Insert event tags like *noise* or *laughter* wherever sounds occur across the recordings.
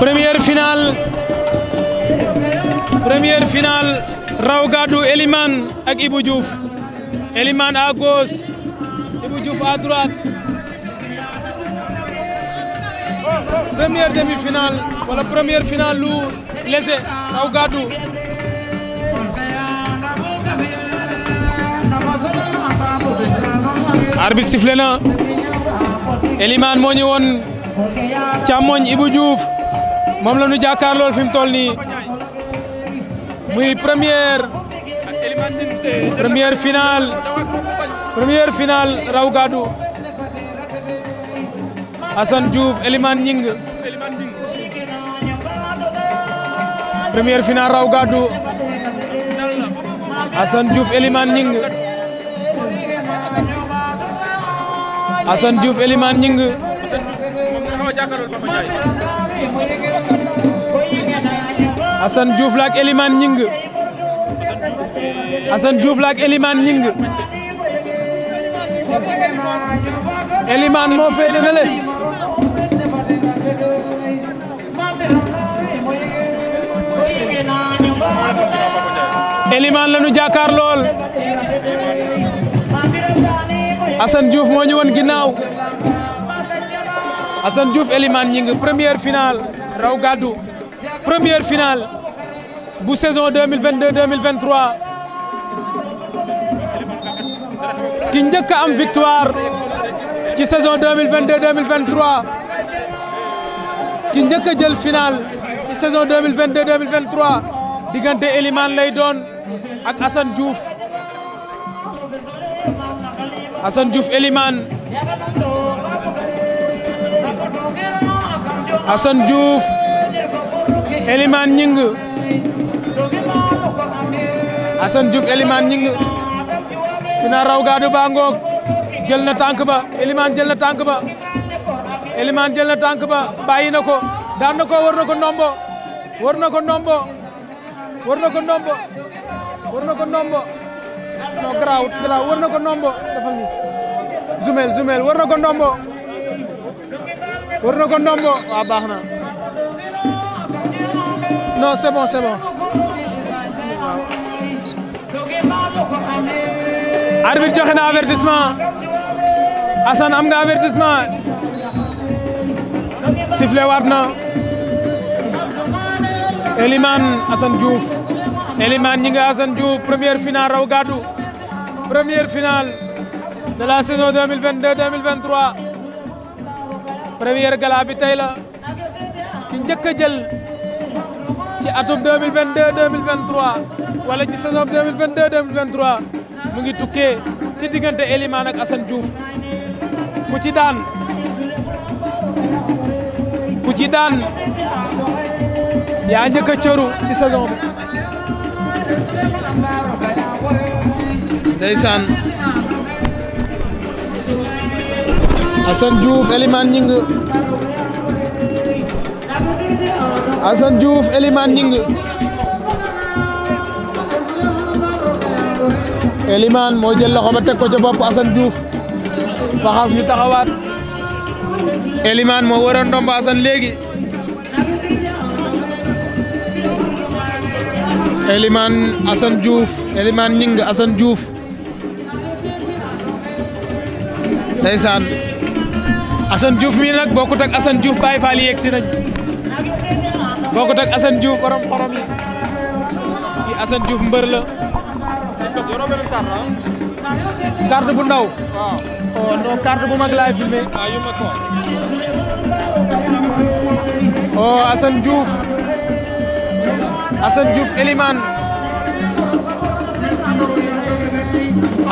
première finale première finale raw gaddu Elimane ak Ibou Diouf Elimane à gauche Ibou Diouf à demi-finale wala première finale lu lese raw gaddu arbitre sifflé na Elimane càmmoñ Ibou Diouf moom la ñu jàkkaarlool fi mu toll nii muy première première finale première finale raw gàddu Assane Ñing première finale raw gàddu Assane Ñing moo jàkkaarloo Papa Ndiaye. Assane Diouf moo féete na le. Elimane la nu jàkkaar lool. Assane Diouf moo ñu woon ginnaaw. Assane Diouf Elimane Gningue première finale raw gàddu première finale bu saison 2022 2023 ki njëkk am victoire ci saison 2022 2023 ki njëkk jël finale ci saison 2022 2023 diggante Elimane lay doon ak Assane Diouf Assane Diouf Elimane Assane Diouf Elimane Ñing Assane Diouf raw gaadu ba jël na tànk ba Elimane jël na tànk ba Elimane na ko daan na ko war na ko ndombo war na ko ndombo war na ko ndombo war na ko ndombo non na ko ndombo dafa ni zumel zumel na ko ndombo war na ko ndombo waaw baax na non c'est bon c'est bon waaw. arbitre joxe na avertissement Assane am nga avertissement sifflé waat na Elimane Assane Diouf Elimane ñi nga Assane Diouf première finale raw gàddu première finale de la saison 2022 2023 première gala bi tey la ki njëkk a jël ci atum 2022 2023 wala ci saison 2022 2023 mu ngi tukkee ci diggante Elimane ak Assane Diouf ku ci daan ku ci daan yaa njëkk cëru ci saison bi ndeysaan Assane Diouf Elimane Gning Assane Diouf Elimane Gning Elimane moo jël loxo ba teg ko ca bopp Assane Diouf faxas ñu taxawaat Elimane moo waroon ndomba Assane léegi Elimane Assane Diouf Elimane Assane Diouf mii nag bokkut ak Assane Diouf Baye Fall yegg si nañ bokkut ak Assane Diouf borom xorom yi kii Assane Diouf mbër bu ndaw. waaw oh non bu mag laay filmé. Ah, oh Assane Diouf Assane Diouf Elimane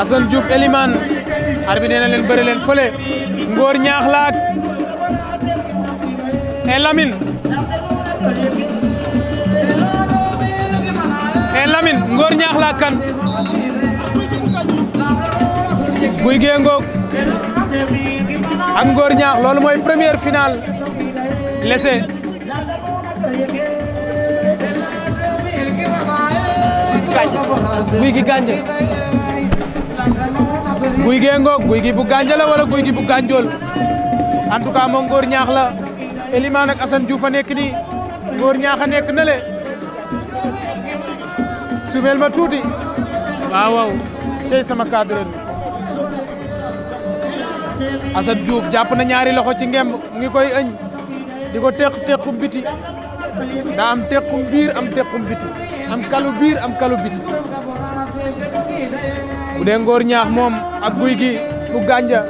Assane Diouf leen bëri leen fële. góor ñaax laak e Lamine e laak kan guy gee ngoog ak ngóor ñaax loolu mooy première finale lese guy gi gànje guy gee ngoog guy gi bu gànja la wala guy gi bu gànjool en tout ngóor ñaax la Elimane ak Assane Diouf a nekk nii ngóor ñaax a nekk na le sumeel ma tuuti waaw cey sama cadre bi Assane Diouf jàpp na ñaari loxo ci ngemb mu ngi koy ëñ di ko teq tequm biti daa am tequm biir am tequm biti am kalu biir am kalu biti bu dee ngóor ñaax moom ak guy gi bu gànja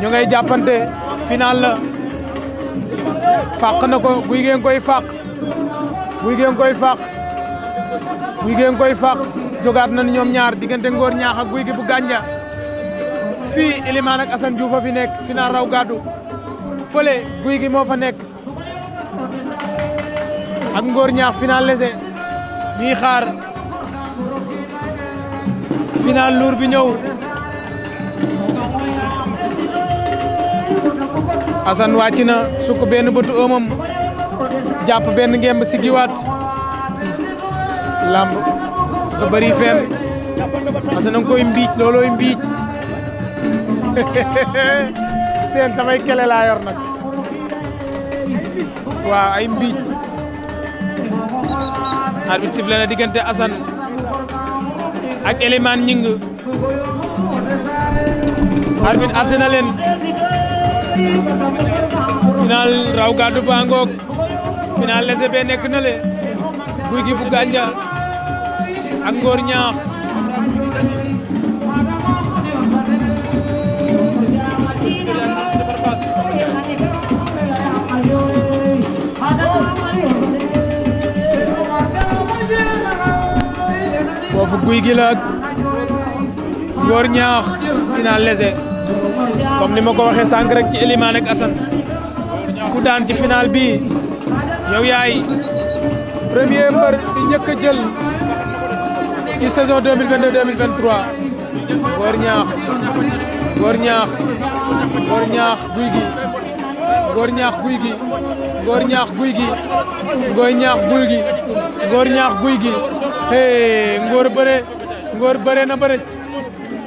ñu ngay jàppante final la fàq na ko guy geen koy fàq guy geen koy fàq guy geen koy fàq jogaat nañ ñoom ñaar diggante ngoor ñaax ak guy gi bu gànja fii Elimane ak Assane Diouf fi nekk final raw gàddu fële guy gi moo fa nekk ak ngoor ñaax final lese ñuy xaar final luur bi ñëw Assane wàcc na sukk benn bëtu ëmam jàpp benn ngemb lamb ka bëri feem Assane da *laughs* seen samay kele laa yor ay mbiic arbitre sifflé na diggante ak Elimane Gning arbitre àtte na leen final raw gàddu ba ngoog final lese be nekk na le guy gi bu ak ngóor ñaax foofu guy gi la góor ñaax final léger comme ni ma ko waxee sànq rek ci Elimane ak Assane ku daan ci final bi yow yaay premier mbër bi njëkk jël ci saison 2022 2023 góor ñaax góor ñaax góor ñaax guy gi góor ñaax guy gi góor ñaax guy gi góor ñaax guy gi góor ñaax guy gi hey ngóor bëre ngóor bëre na bërëc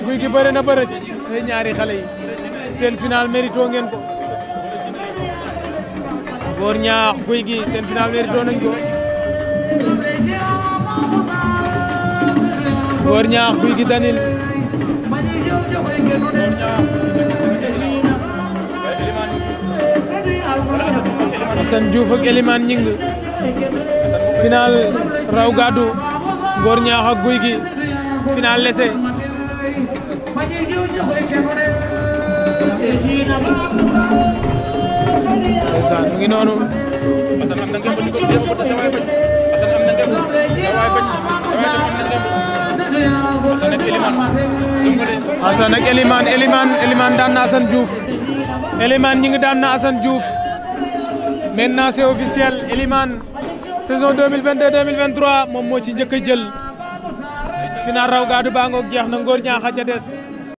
guy gi bëre na bërëc hey ñaari xale yi seen final mérito ko ngóor ñaax guy gi seen final mérito ko ngóor ñaax guy gi danil Assane Diouf ak Elimane Gningue final raw gàddu Ngor Ñaax ak Guy gi final laissé ndeysaan mu ngi noonu Assane ak Elimane Elimane Elimane daan na Assane Diouf Elimane ñi ngi daan na Assane Diouf maintenant c'est officiel saison 2022 2023 moom moo ci njëkk a jël final raw gaadu baa ngoog jeex na ngóor ñaaxa ca des